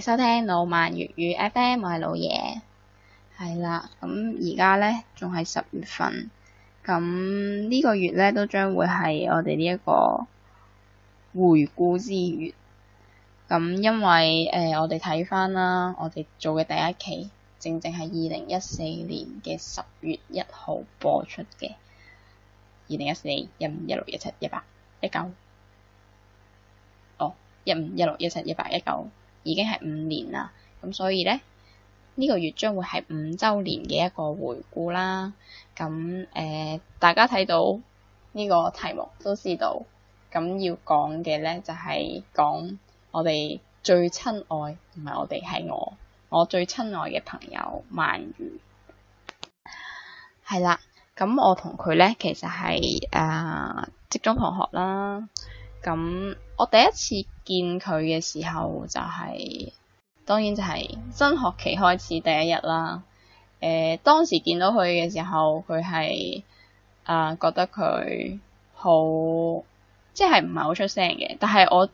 收聽 m, 老萬粵語 FM，我係老爺，係啦。咁而家咧仲係十月份，咁呢個月咧都將會係我哋呢一個回顧之月。咁因為誒、呃，我哋睇翻啦，我哋做嘅第一期正正係二零一四年嘅十月一號播出嘅，二零一四一五、一六、一七、一八、一九，哦，一五、一六、一七、一八、一九。已經係五年啦，咁所以咧呢、呢個月將會係五週年嘅一個回顧啦。咁誒、呃，大家睇到呢、呢個題目都知道，咁要講嘅咧就係、是、講我哋最親愛，唔係我哋係我，我最親愛嘅朋友鰻魚。係啦，咁我同佢咧其實係誒職中同學啦。咁我第一次見佢嘅時候就係，當然就係新學期開始第一日啦。誒，當時見到佢嘅時候，佢係啊覺得佢好，即係唔係好出聲嘅。但係我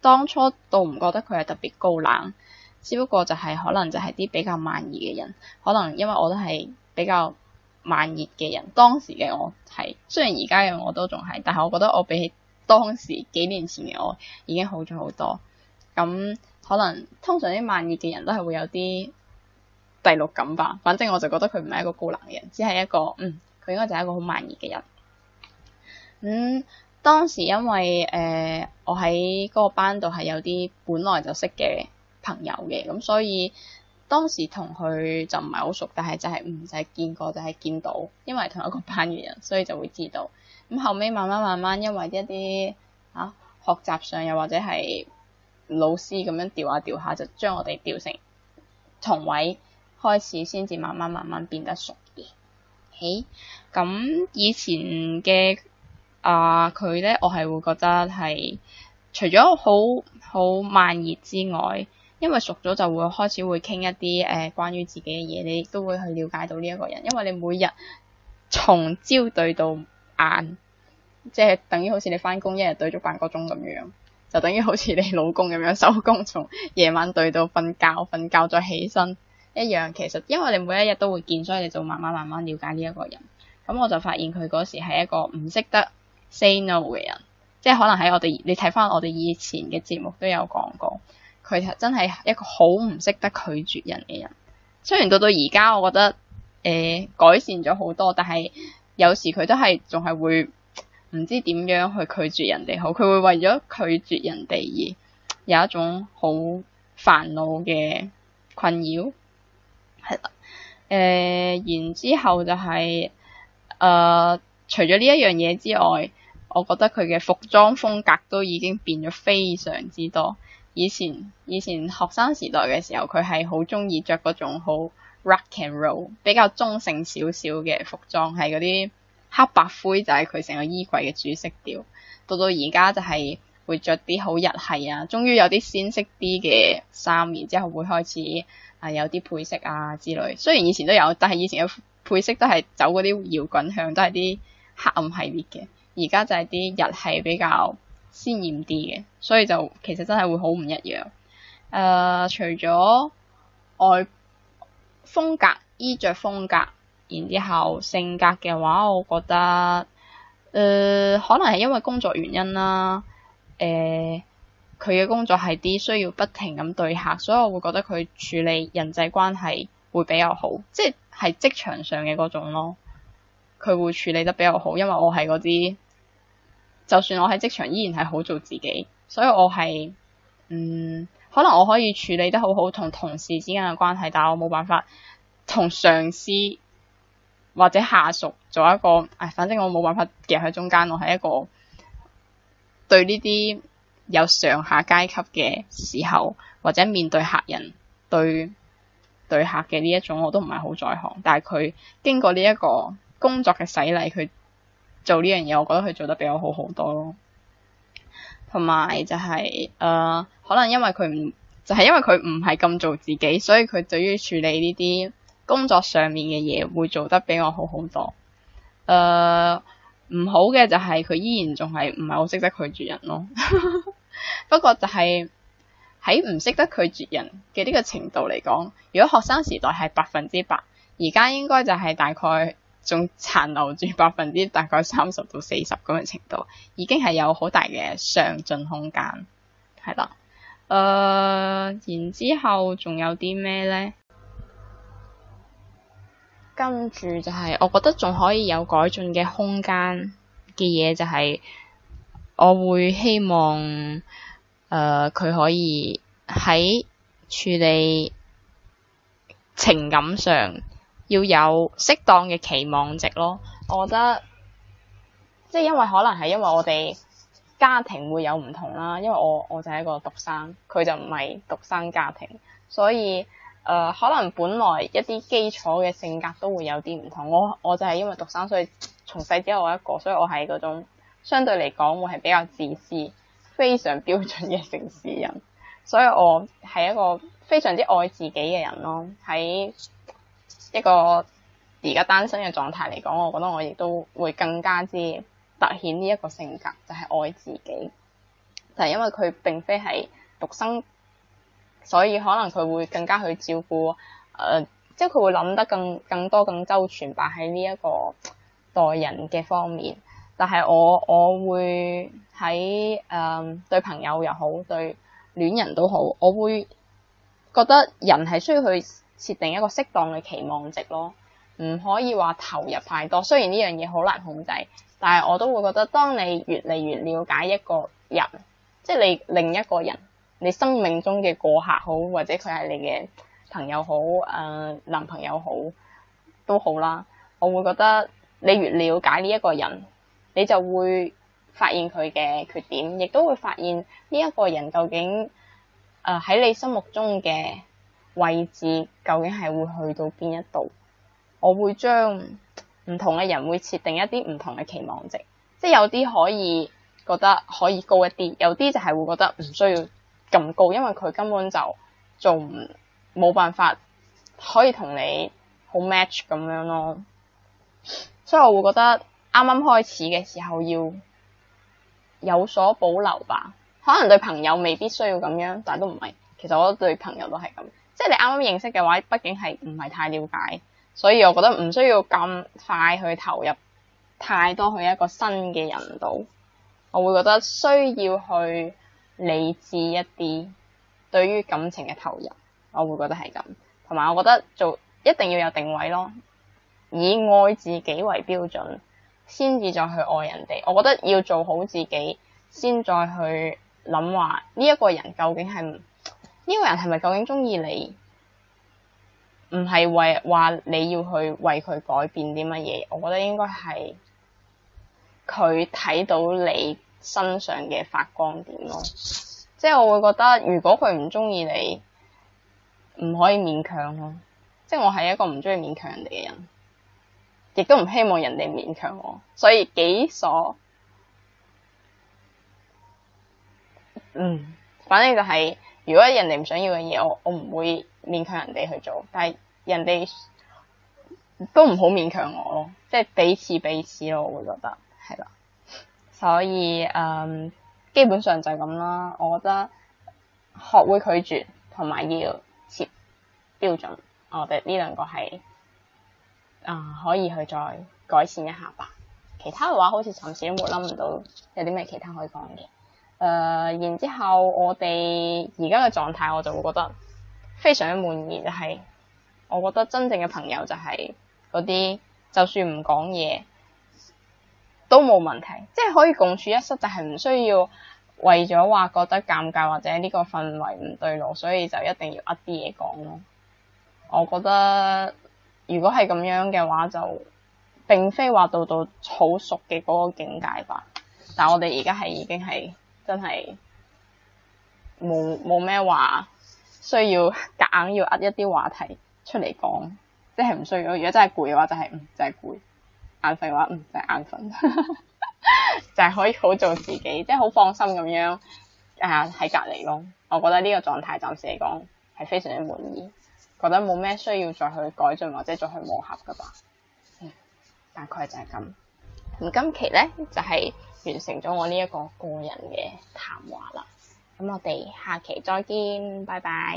當初都唔覺得佢係特別高冷，只不過就係可能就係啲比較慢熱嘅人。可能因為我都係比較慢熱嘅人，當時嘅我係，雖然而家嘅我都仲係，但係我覺得我比起。當時幾年前嘅我已經好咗好多，咁可能通常啲慢熱嘅人都係會有啲第六感吧。反正我就覺得佢唔係一個高冷嘅人，只係一個嗯，佢應該就係一個好慢熱嘅人。嗯，當時因為誒、呃、我喺嗰個班度係有啲本來就識嘅朋友嘅，咁所以當時同佢就唔係好熟，但係就係唔使見過就係、是、見到，因為同一個班嘅人，所以就會知道。咁後尾慢慢慢慢，因為一啲嚇、啊、學習上，又或者係老師咁樣調下調下，就將我哋調成同位開始，先至慢慢慢慢變得熟嘅。咁、okay? 以前嘅啊佢咧，我係會覺得係除咗好好慢熱之外，因為熟咗就會開始會傾一啲誒、呃、關於自己嘅嘢，你都會去了解到呢一個人，因為你每日從朝對到。眼，即係等於好似你翻工，一日對咗半個鐘咁樣，就等於好似你老公咁樣，收工從夜晚對到瞓覺，瞓覺再起身一樣。其實，因為你每一日都會見，所以你就慢慢慢慢了解呢一個人。咁我就發現佢嗰時係一個唔識得 say no 嘅人，即係可能喺我哋你睇翻我哋以前嘅節目都有講過，佢真係一個好唔識得拒絕人嘅人。雖然到到而家，我覺得誒、呃、改善咗好多，但係。有時佢都係，仲係會唔知點樣去拒絕人哋好，佢會為咗拒絕人哋而有一種好煩惱嘅困擾，係啦。誒、呃，然之後就係、是、誒、呃，除咗呢一樣嘢之外，我覺得佢嘅服裝風格都已經變咗非常之多。以前以前學生時代嘅時候，佢係好中意着嗰種好，Rock and roll 比較中性少少嘅服裝，係嗰啲黑白灰，就係佢成個衣櫃嘅主色調。到到而家就係會着啲好日系啊，終於有啲鮮色啲嘅衫，然之後會開始啊有啲配色啊之類，雖然以前都有，但係以前嘅配色都係走嗰啲搖滾向，都係啲黑暗系列嘅。而家就係啲日系比較鮮艷啲嘅，所以就其實真係會好唔一樣。誒、呃、除咗外。風格、衣着風格，然之後性格嘅話，我覺得，誒、呃，可能係因為工作原因啦。誒、呃，佢嘅工作係啲需要不停咁對客，所以我會覺得佢處理人際關係會比較好，即係係職場上嘅嗰種咯。佢會處理得比較好，因為我係嗰啲，就算我喺職場依然係好做自己，所以我係，嗯。可能我可以處理得好好同同事之間嘅關係，但係我冇辦法同上司或者下屬做一個，唉、哎，反正我冇辦法夾喺中間。我係一個對呢啲有上下階級嘅時候，或者面對客人對對客嘅呢一種，我都唔係好在行。但係佢經過呢一個工作嘅洗禮，佢做呢樣嘢，我覺得佢做得比我好好多咯。同埋就係、是、誒、呃，可能因為佢唔就係、是、因為佢唔係咁做自己，所以佢對於處理呢啲工作上面嘅嘢，會做得比我好好多。誒、呃，唔好嘅就係佢依然仲係唔係好識得拒絕人咯。 不過就係喺唔識得拒絕人嘅呢個程度嚟講，如果學生時代係百分之百，而家應該就係大概仲殘留住百分之大概三十到四十咁嘅程度，已經係有好大嘅上進空間，係啦。誒、呃，然之後仲有啲咩咧？跟住就係、是，我覺得仲可以有改進嘅空間嘅嘢，就係我會希望誒佢、呃、可以喺處理情感上，要有適當嘅期望值咯，我覺得，即係因為可能係因為我哋家庭會有唔同啦，因為我我就係一個獨生，佢就唔係獨生家庭，所以誒、呃、可能本來一啲基礎嘅性格都會有啲唔同。我我就係因為獨生，所以從細只有我一個，所以我係嗰種相對嚟講我係比較自私、非常標準嘅城市人，所以我係一個非常之愛自己嘅人咯，喺。一個而家單身嘅狀態嚟講，我覺得我亦都會更加之突顯呢一個性格，就係、是、愛自己。就係因為佢並非係獨生，所以可能佢會更加去照顧，誒、呃，即係佢會諗得更更多、更周全吧喺呢一個待人嘅方面。但係我我會喺誒、呃、對朋友又好，對戀人都好，我會覺得人係需要去設定一個適當嘅期望值咯，唔可以話投入太多。雖然呢樣嘢好難控制，但係我都會覺得，當你越嚟越了解一個人，即係你另一個人，你生命中嘅過客好，或者佢係你嘅朋友好，誒、呃、男朋友好都好啦。我會覺得你越了解呢一個人，你就會發現佢嘅缺點，亦都會發現呢一個人究竟誒喺、呃、你心目中嘅。位置究竟係會去到邊一度？我會將唔同嘅人會設定一啲唔同嘅期望值，即係有啲可以覺得可以高一啲，有啲就係會覺得唔需要咁高，因為佢根本就做唔冇辦法可以同你好 match 咁樣咯。所以我會覺得啱啱開始嘅時候要有所保留吧。可能對朋友未必需要咁樣，但係都唔係。其實我對朋友都係咁。即係你啱啱認識嘅話，畢竟係唔係太了解，所以我覺得唔需要咁快去投入太多去一個新嘅人度。我會覺得需要去理智一啲，對於感情嘅投入，我會覺得係咁。同埋我覺得做一定要有定位咯，以愛自己為標準，先至再去愛人哋。我覺得要做好自己，先再去諗話呢一個人究竟係唔？呢個人係咪究竟中意你？唔係為話你要去為佢改變啲乜嘢。我覺得應該係佢睇到你身上嘅發光點咯。即係我會覺得，如果佢唔中意你，唔可以勉強咯。即係我係一個唔中意勉強人哋嘅人，亦都唔希望人哋勉強我，所以幾所嗯，反正就係。如果人哋唔想要嘅嘢，我我唔會勉強人哋去做，但係人哋都唔好勉強我咯，即係彼，彼此彼此咯，我會覺得係啦。所以誒、嗯，基本上就咁啦。我覺得學會拒絕同埋要設標準，我哋呢兩個係啊、嗯，可以去再改善一下吧。其他嘅話，好似暫時都冇諗唔到有啲咩其他可以講嘅。誒、呃，然之後我哋而家嘅狀態，我就會覺得非常嘅滿意。就係、是、我覺得真正嘅朋友就係嗰啲，就算唔講嘢都冇問題，即係可以共處一室，但係唔需要為咗話覺得尷尬或者呢個氛圍唔對路，所以就一定要噏啲嘢講咯。我覺得如果係咁樣嘅話，就並非話到到好熟嘅嗰個境界吧。但係我哋而家係已經係。真係冇冇咩話需要夾硬、硬要呃一啲話題出嚟講，即係唔需要。如果真係攰嘅話、就係嗯，就係就係攰；眼瞓嘅話，嗯就係眼瞓，就係、係、 可以好做自己，即係好放心咁樣係喺隔離咯。我覺得呢個狀態暫時嚟講係非常之滿意，覺得冇咩需要再去改進或者再去磨合噶吧、嗯。大概就係咁。今期咧就係、是、完成咗我呢一個個人嘅談話啦，咁我哋下期再見，拜拜。